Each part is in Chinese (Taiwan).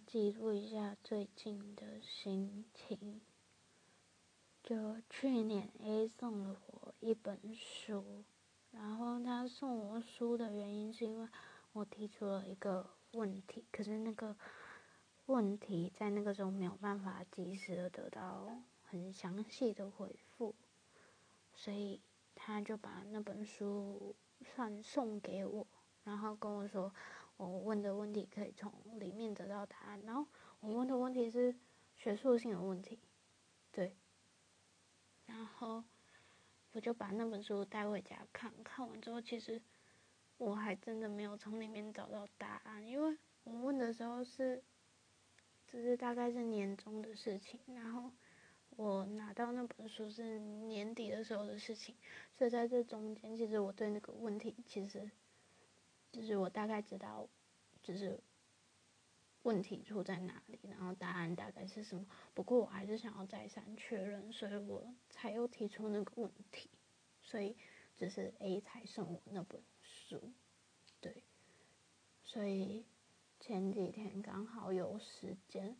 記錄一下最近的心情。就去年 A 送了我一本書，然後他送我書的原因是因為我提出了一個問題，可是那個問題在那個時候沒有辦法及時的得到很詳細的回復，所以他就把那本書算送給我，然後跟我說。我問的問題可以從裡面得到答案，然後我問的問題是學術性的問題，對。然後我就把那本書帶回家看，看完之後其實我還真的沒有從裡面找到答案，因為我問的時候是，只是大概是年中的事情，然後我拿到那本書是年底的時候的事情，所以在這中間，其實我對那個問題其實。就是我大概知道，就是問題出在哪裡，然後答案大概是什麼。不過我還是想要再三確認，所以我才又提出那個問題。所以就是 A 才送我那本書，對。所以前幾天剛好有時間，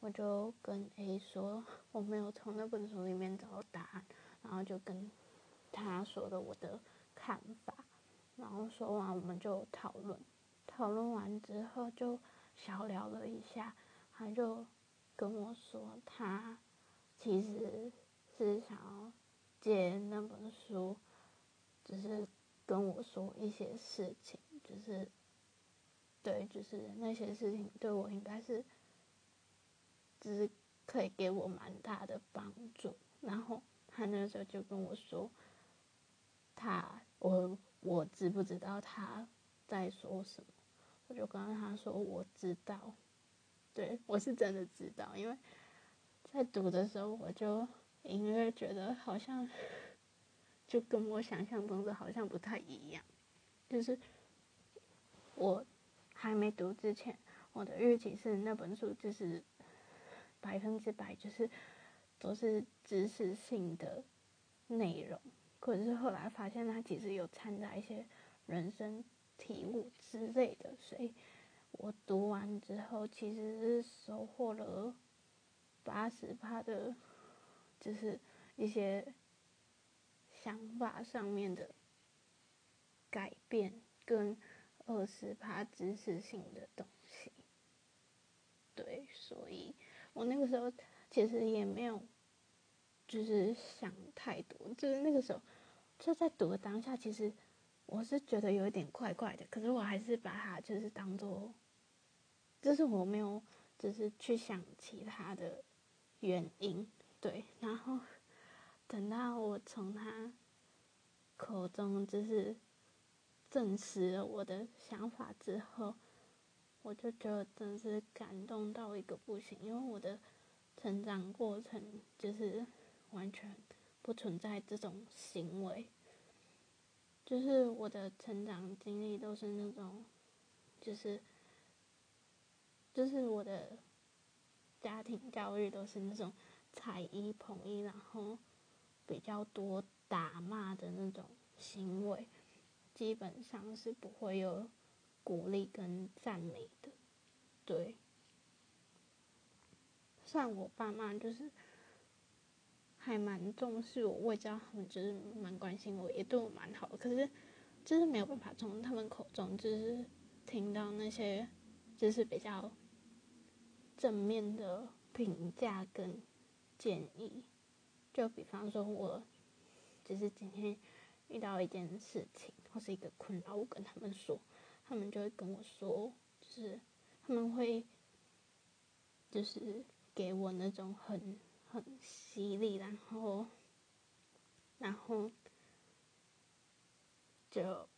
我就跟 A 說我沒有從那本書裡面找到答案，然後就跟他說的我的看法。然後說完，我們就討論，討論完之後就小聊了一下，他就跟我說他其實是想要借那本書，只是跟我說一些事情，就是對，就是那些事情對我應該是只是可以給我蠻大的幫助。然後他那時候就跟我說他我。我知不知道他在說什麼？我就跟他說：“我知道，對，我是真的知道。”因為，在讀的時候，我就隱約覺得好像，就跟我想象中的好像不太一樣。就是我還沒讀之前，我的預期是那本書就是百分之百就是都是知識性的內容。可是後來發現，他其實有摻雜一些人生體悟之類的，所以我讀完之後其實是收穫了八十趴的，就是一些想法上面的改變跟20，跟二十趴知識性的東西。對，所以我那個時候其實也沒有，就是想太多，就是那個時候。就在賭的當下，其實我是覺得有一點怪怪的，可是我還是把它就是當做，就是我沒有就是去想其他的原因，對，然後等到我從他口中就是證實了我的想法之後，我就覺得真的是感動到一個不行，因為我的成長過程就是完全。不存在這種行為，就是我的成長經歷都是那種，就是，就是我的家庭教育都是那種踩一捧一，然後比較多打罵的那種行為，基本上是不會有鼓勵跟讚美的，對，像我爸媽就是。還蠻重視我，我也知道他們就是蠻關心我，也對我蠻好的。可是，就是沒有辦法從他們口中就是聽到那些就是比較正面的評價跟建議。就比方說我就是今天遇到一件事情或是一個困擾，我跟他們說，他們就會跟我說，就是他們會就是給我那種很。很犀利，然後，然後就，就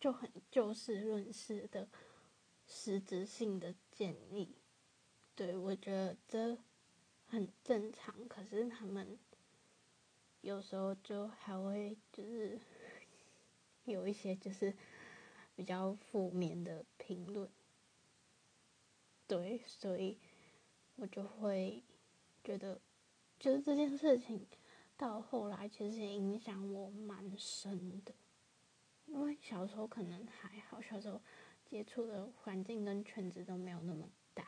就很就事論事的實質性的建議，對，我覺得這很正常。可是他們有時候就還會就是有一些就是比較負面的評論，對，所以我就會覺得。就是這件事情，到後來其實也影響我蠻深的，因為小時候可能還好，小時候接觸的環境跟圈子都沒有那麼大，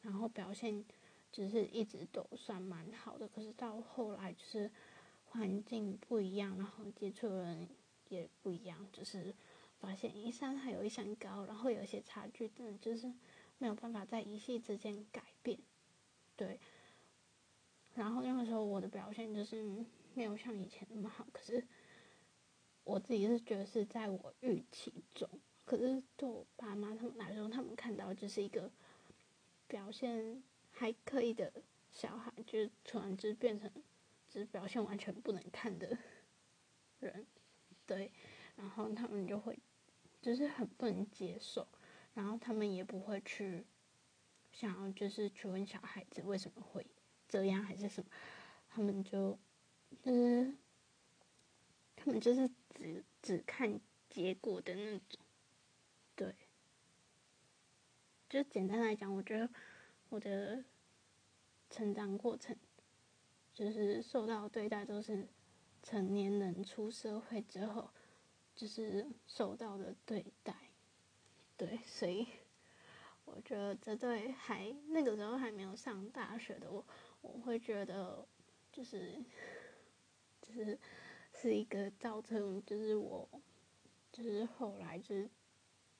然後表現就是一直都算蠻好的。可是到後來就是環境不一樣，然後接觸的人也不一樣，就是發現一山還有一山高，然後有一些差距真的就是沒有辦法在一夕之間改變，對。然後那個時候我的表現就是沒有像以前那麼好，可是我自己是覺得是在我預期中，可是對我爸媽他們來說，他們看到就是一個表現還可以的小孩，就是突然就是變成只表現完全不能看的人，對，然後他們就會就是很不能接受，然後他們也不會去想要就是去問小孩子為什麼會。這樣還是什麼？他們就就是，他們就是只只看結果的那種，對。就簡單來講，我覺得我的成長過程，就是受到對待都是成年人出社會之後，就是受到的對待，對。所以我覺得這對還那個時候還沒有上大學的我。我會覺得，就是，就是，是一個造成，就是我，就是後來就是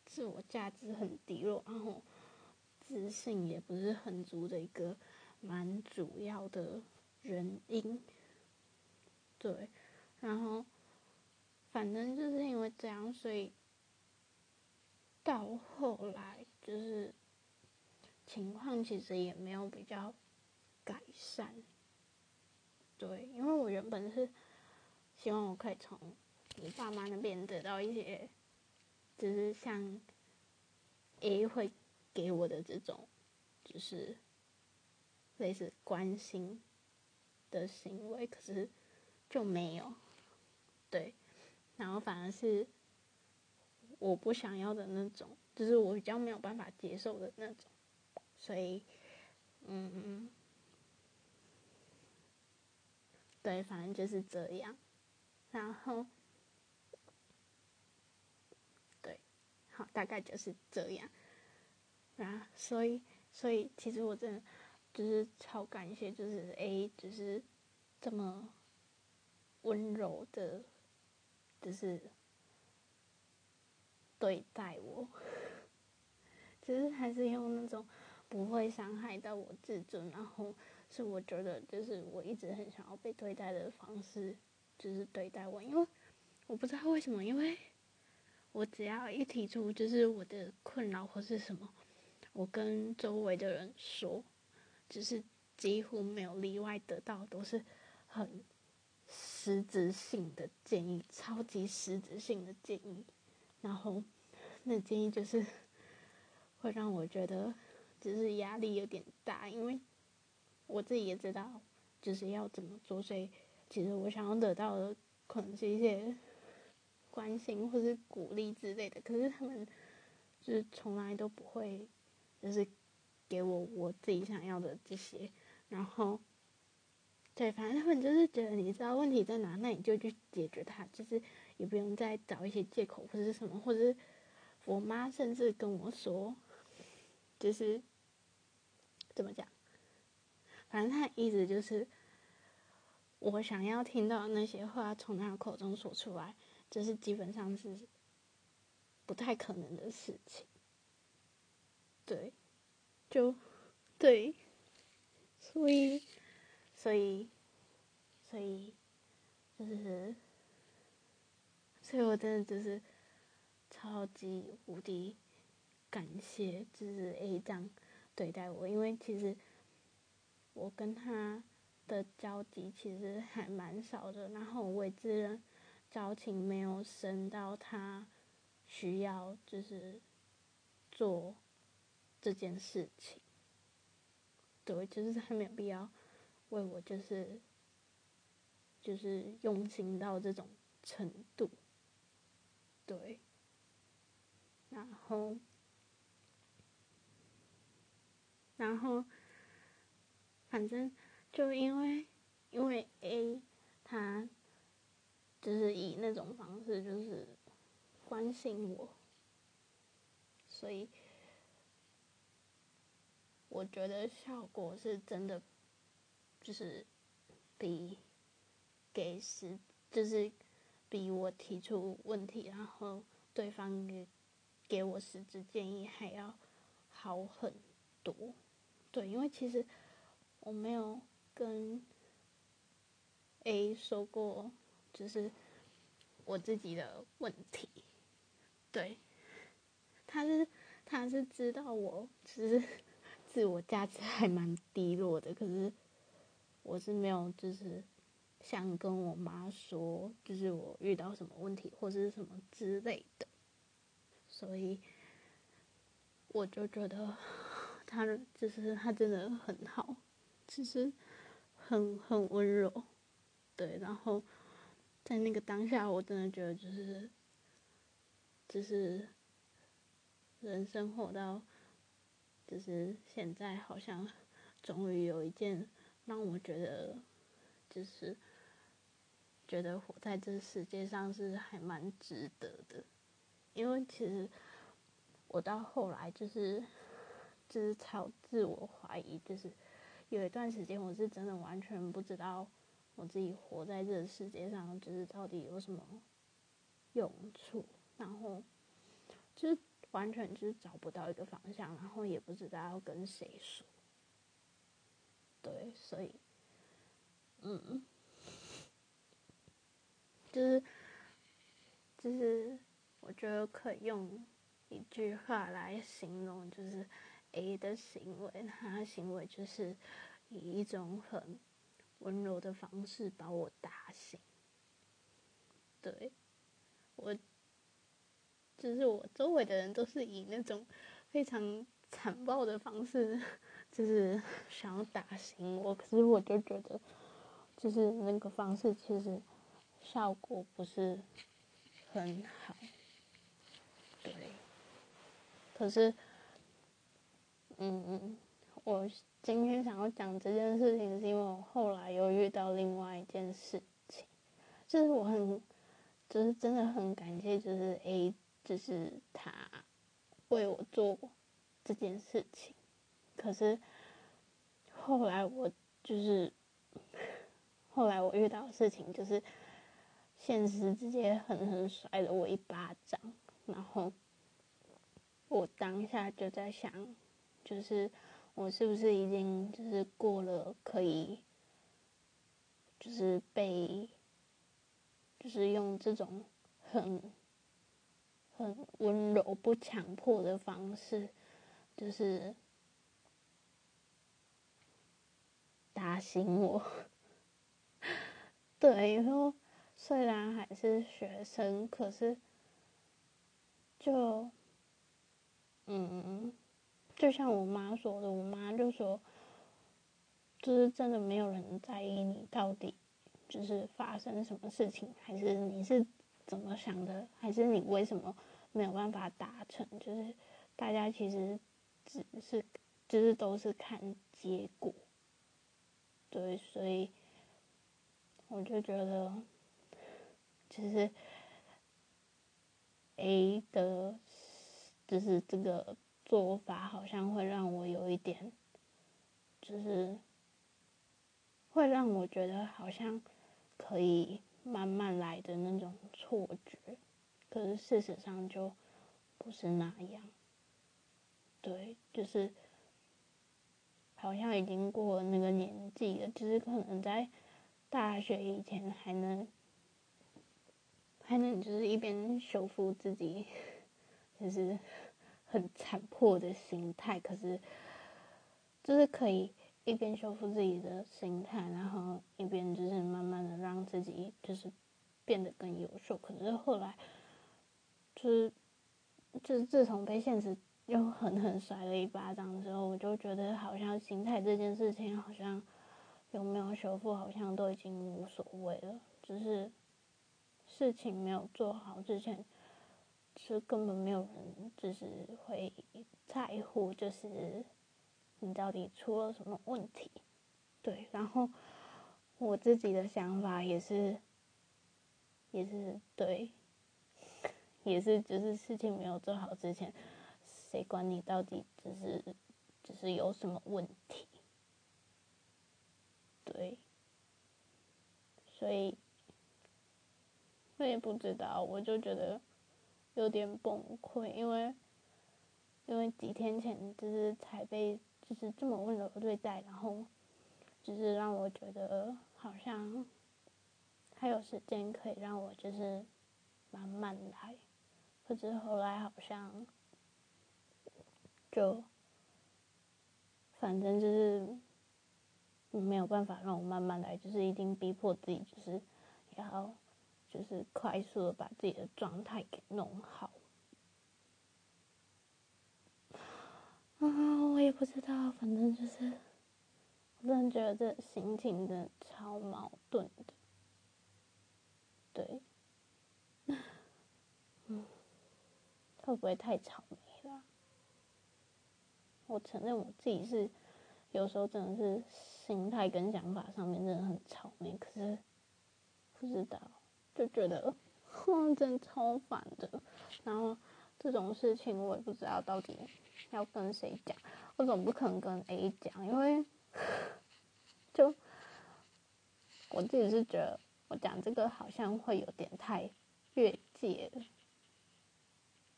自我價值很低落，然後自信也不是很足的一個蠻主要的原因。對，然後，反正就是因為這樣，所以到後來就是情況其實也沒有比較。改善，對，因為我原本是希望我可以從我爸媽那邊得到一些，就是像 A 會給我的這種，就是類似關心的行為，可是就沒有，對，然後反而是我不想要的那種，就是我比較沒有辦法接受的那種，所以，嗯嗯。對，反正就是這樣，然後，對，好，大概就是這樣，啊，所以，所以，其實我真的，就是超感謝，就是 A，就是這麼溫柔的，就是對待我，其實還是用那種不會傷害到我自尊，然後。是我覺得，就是我一直很想要被對待的方式，就是對待我，因為我不知道為什麼，因為我只要一提出就是我的困擾或是什麼，我跟周圍的人說，就是幾乎沒有例外得到都是很實質性的建議，超級實質性的建議，然後那建議就是會讓我覺得就是壓力有點大，因為。我自己也知道，就是要怎麼做。所以，其實我想要得到的可能是一些關心或是鼓勵之類的。可是他們就是從來都不會，就是給我我自己想要的這些。然後，對，反正他們就是覺得你知道問題在哪裡，那你就去解決它，就是也不用再找一些借口或者什麼。或者是我媽甚至跟我說，就是怎麼講？反正他一直就是，我想要聽到那些話從他的口中說出來，就是基本上是不太可能的事情。對，就，對，所以，所以，所以，就是，所以我真的就是超級無敵感謝，就是 A 這樣對待我，因為其實。我跟他的交集其實還蠻少的，然後我也知道，交情沒有深到他需要，就是做這件事情，對，就是他沒有必要為我就是就是用心到這種程度，對，然後，然後。反正就因為因為 A 他就是以那種方式就是關心我，所以我覺得效果是真的，就是比給實，就是比我提出問題，然後對方給給我實質建議還要好很多。對，因為其實。我沒有跟 A 說過，就是我自己的問題。對，他是他是知道我其實自我價值還蠻低落的，可是我是沒有就是想跟我媽說，就是我遇到什麼問題或者是什麼之類的，所以我就覺得他就是他真的很好。其實很很溫柔，對。然後在那個當下，我真的覺得就是就是人生活到，就是現在好像終於有一件讓我覺得就是覺得活在這世界上是還蠻值得的，因為其實我到後來就是就是超自我懷疑，就是。有一段時間，我是真的完全不知道我自己活在這個世界上，就是到底有什麼用處，然後就是完全就是找不到一個方向，然後也不知道要跟誰說。對，所以，嗯，就是就是，我覺得可以用一句話來形容，就是。A 的行為，他行為就是以一種很溫柔的方式把我打醒。對，我就是我周圍的人都是以那種非常殘暴的方式，就是想要打醒我。可是我就覺得，就是那個方式其實效果不是很好。對，可是。嗯嗯，我今天想要講這件事情，是因為我後來又遇到另外一件事情，就是我很，就是真的很感謝，就是 A、欸，就是他為我做過這件事情，可是後來我就是，後來我遇到的事情就是，現實直接狠狠甩了我一巴掌，然後我當下就在想。就是我是不是已經就是過了可以，就是被，就是用這種很很溫柔不強迫的方式，就是打醒我。對，然後雖然還是學生，可是就嗯。就像我媽說的，我媽就說，就是真的沒有人在意你到底就是發生什麼事情，還是你是怎麼想的，還是你為什麼沒有辦法達成，就是大家其實只是就是都是看結果。對，所以我就覺得，其實 A 的就是這個。做法好像會讓我有一點，就是會讓我覺得好像可以慢慢來的那種錯覺，可是事實上就不是那樣。對，就是好像已經過了那個年紀了，就是可能在大學以前還能還能就是一邊修復自己，就是。很殘破的心態，可是，就是可以一邊修復自己的心態，然後一邊就是慢慢的讓自己就是變得更優秀。可是後來，就是，就是自從被現實又狠狠甩了一巴掌之後，我就覺得好像心態這件事情好像有沒有修復，好像都已經無所謂了，只、就是事情沒有做好之前。就根本沒有人，就是會在乎，就是你到底出了什麼問題，對。然後我自己的想法也是，也是對，也是就是事情沒有做好之前，誰管你到底只是只是有什麼問題？對，所以我也不知道，我就覺得。有點崩潰，因為，因為幾天前就是才被就是這麼溫柔的對待，然後，就是讓我覺得好像還有時間可以讓我就是慢慢來，可是後來好像就反正就是沒有辦法讓我慢慢來，就是一定逼迫自己就是然後。就是快速的把自己的狀態給弄好。啊，我也不知道，反正就是，我突然覺得這心情真的超矛盾的。對，嗯，會不會太草莓了啊？我承認我自己是有時候真的是心態跟想法上面真的很草莓，可是不知道。就覺得，哼，真超煩的。然後這種事情我也不知道到底要跟誰講。我總不可能跟 A 講，因為就我自己是覺得，我講這個好像會有點太越界了。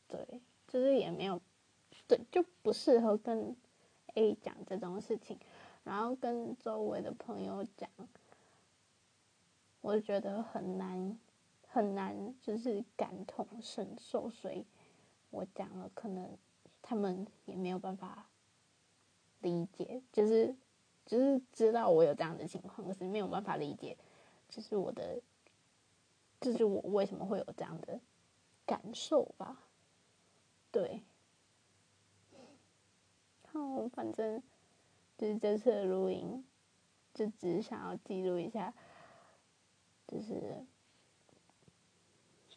對，就是也沒有，對，就不適合跟 A 講這種事情。然後跟周圍的朋友講。我覺得很難，很難，就是感同身受，所以，我講了，可能他們也沒有辦法理解，就是，就是知道我有這樣的情況，可是沒有辦法理解，就是我的，就是我為什麼會有這樣的感受吧。對，好、哦，反正就是這次錄音，就只想要記錄一下。就是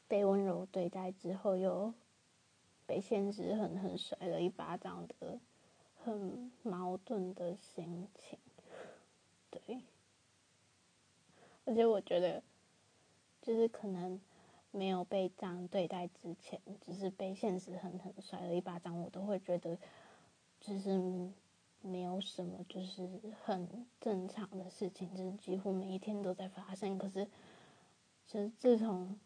被溫柔對待之後，又被現實狠狠甩了一巴掌的，很矛盾的心情，對。而且我覺得，就是可能沒有被這樣對待之前，只是被現實狠狠甩了一巴掌，我都會覺得，就是。沒有什麼，就是很正常的事情，就是幾乎每一天都在發生。可是，其實自從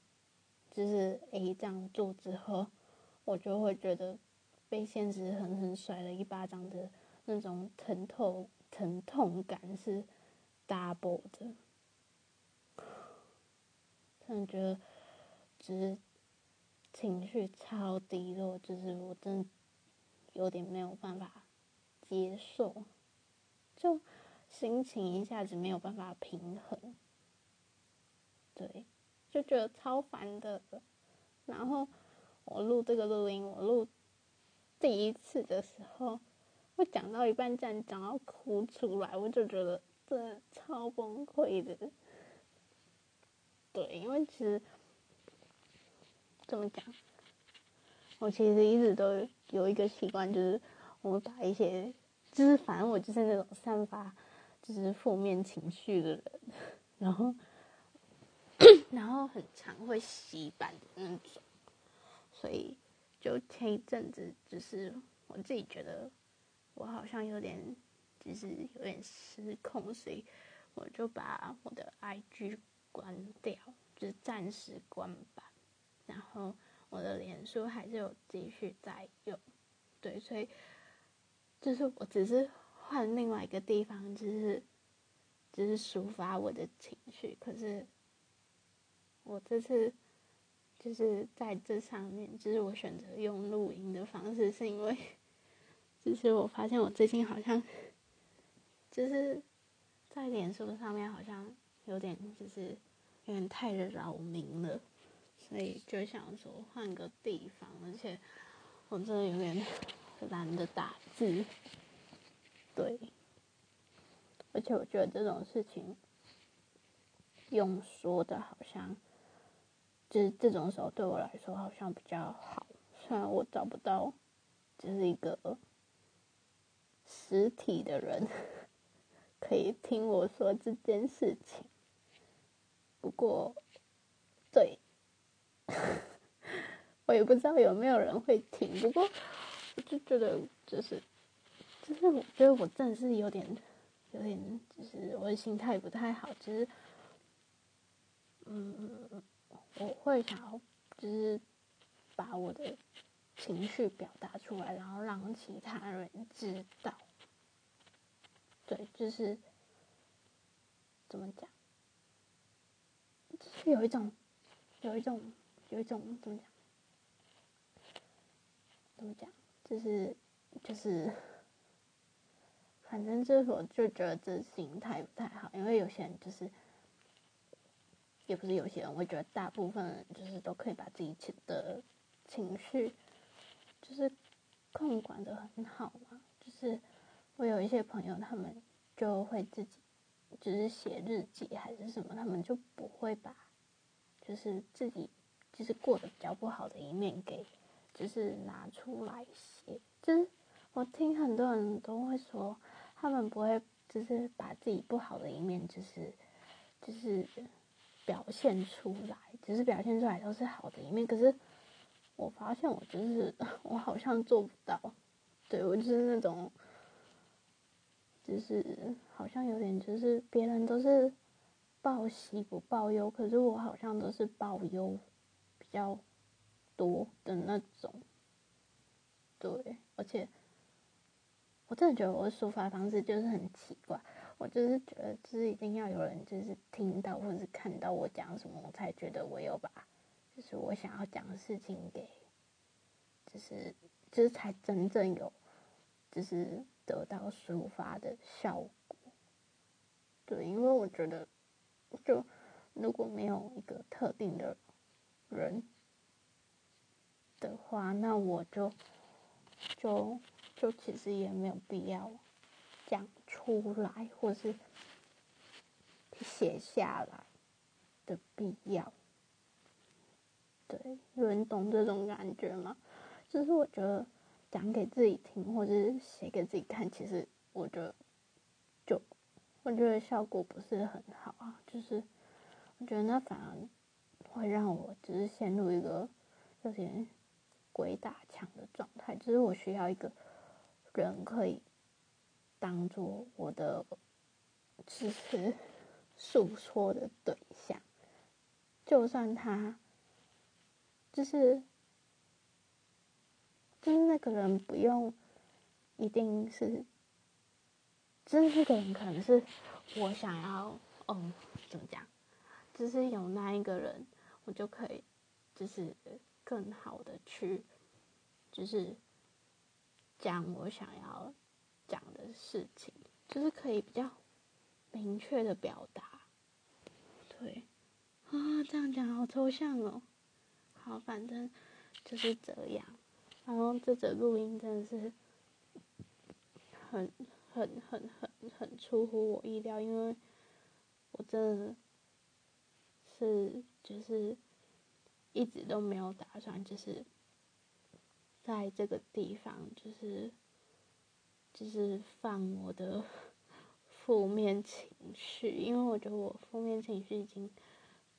就是 A 這樣做之後，我就會覺得被現實狠狠甩了一巴掌的那種疼痛、疼痛感是 double 的。真的覺得，只是情緒超低落，就是我真有點沒有辦法，接受，就心情一下子沒有辦法平衡，對，就覺得超煩的。然後我錄這個錄音，我錄第一次的時候，我講到一半，這樣講到哭出來，我就覺得真的超崩潰的。對，因為其實這麼講，我其實一直都有一個習慣，就是我把一些就是反正我就是那種散發就是負面情緒的人，然後然後很常會洗版的那種，所以就前一陣子，只是我自己覺得我好像有點，就是有點失控，所以我就把我的 IG 關掉，就暫時關吧，然後我的臉書還是有繼續在用，對，所以。就是我只是換另外一個地方，就是，只、就是抒發我的情緒。可是，我這次就是在這上面，就是我選擇用錄音的方式，是因為，就是我發現我最近好像，就是在臉書上面好像有點就是有點太擾民了，所以就想說換個地方。而且我真的有點。懶得打字，對，而且我覺得這種事情用說的好像，就是這種時候對我來說好像比較好。雖然我找不到就是一個實體的人 可以聽我說這件事情，不過，對， 我也不知道有沒有人會聽，不過。我就覺得，就是，就是我覺得我真的是有點，有點，就是我的心態不太好。其實，嗯嗯嗯，我會想要，就是把我的情緒表達出來，然後讓其他人知道。對，就是怎麼講？就是有一種，有一種，有一種怎麼講？怎麼講？就是，就是，反正就是，我就覺得這心態不太好。因為有些人就是，也不是有些人，我覺得大部分人就是都可以把自己情的情緒，就是控管的很好嘛。就是我有一些朋友，他們就會自己，就是寫日記還是什麼，他們就不會把，就是自己就是過得比較不好的一面給。就是拿出來寫，就是我聽很多人都會說，他們不會，就是把自己不好的一面，就是就是表現出來，只、就是表現出來都是好的一面。可是我發現，我就是我好像做不到，對，我就是那種，就是好像有點，就是別人都是報喜不報憂，可是我好像都是報憂，比較。多的那種，對，而且我真的覺得我的抒發方式就是很奇怪，我就是覺得就是一定要有人就是聽到或者是看到我講什麼，我才覺得我有把就是我想要講的事情給，就是就是才真正有就是得到抒發的效果。對，因為我覺得就如果沒有一個特定的人。的話，那我就就就其實也沒有必要講出來，或者是寫下來的必要。對，有人懂這種感覺嗎？就是我覺得講給自己聽，或者是寫給自己看，其實我覺得就我覺得效果不是很好啊。就是我覺得那反而會讓我只是陷入一個有點。鬼打牆的狀態，只、就是我需要一個人可以當做我的支持、訴說的對象。就算他，就是，就是那個人不用，一定是，就是這個人可能是我想要，嗯、哦，怎麼講？只、就是有那一個人，我就可以，就是。更好的去，就是講我想要講的事情，就是可以比較明確的表達。對，啊，這樣講好抽象哦、喔。好，反正就是這樣。然後這則錄音真的是很、很、很、很、很出乎我意料，因為我真的是就是。一直都沒有打算，就是在這個地方，就是就是放我的負面情緒，因為我覺得我負面情緒已經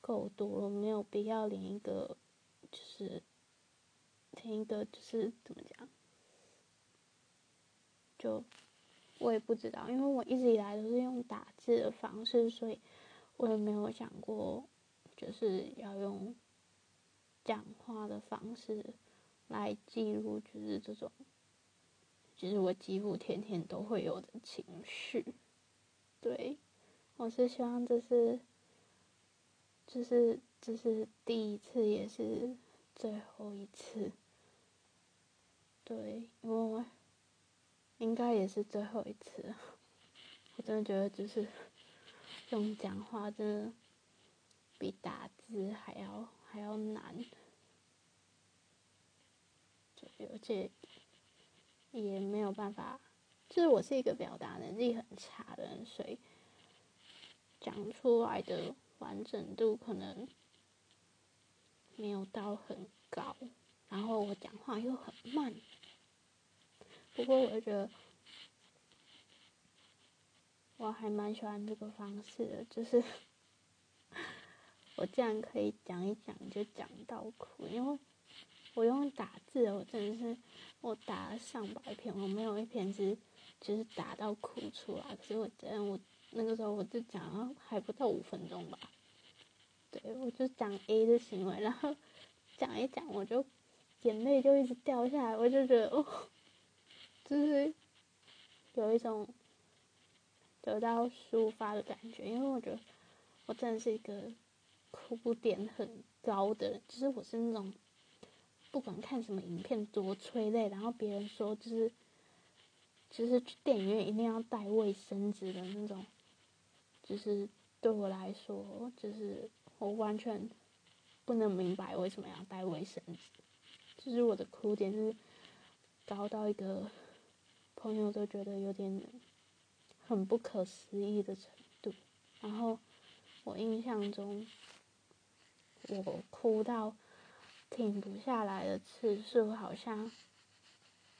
夠多了，沒有必要連一個就是連一個就是怎麼講，就我也不知道，因為我一直以來都是用打字的方式，所以我也沒有想過就是要用。講話的方式來記錄，就是這種，就是我幾乎天天都會有的情緒。對，我是希望這是，這是這是第一次，也是最後一次。對，我應該也是最後一次，我真的覺得，就是用講話真的比打字還要。還要難，而且也沒有辦法。就是我是一個表達能力很差的人，所以講出來的完整度可能沒有到很高。然後我講話又很慢，不過我就覺得我還蠻喜歡這個方式的，就是。我竟然可以講一講就講到哭，因為我用打字，我真的是我打了上百篇，我沒有一篇是就是打到哭出來。可是我真的我那個時候我就講了，還不到五分鐘吧，對，我就講 A 的行為，然後講一講，我就眼淚就一直掉下來，我就覺得哦，就是有一種得到抒發的感覺，因為我覺得我真的是一個。哭點很高的，就是我是那種，不管看什麼影片多催淚，然後別人說就是，就是去電影院一定要帶衛生紙的那種，就是對我來說，就是我完全不能明白為什麼要帶衛生紙，就是我的哭點是高到一個朋友都覺得有點很不可思議的程度，然後我印象中。我哭到停不下來的次數好像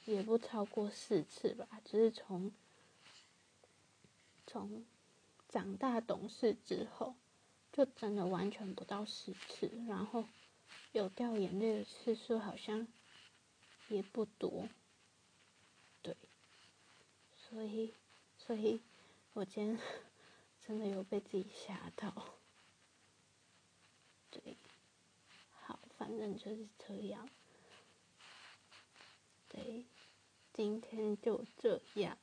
也不超過四次吧，就是從從長大懂事之後，就真的完全不到十次，然後有掉眼淚的次數好像也不多，對，所以所以我今天真的有被自己嚇到。反正就是這樣，對，今天就這樣。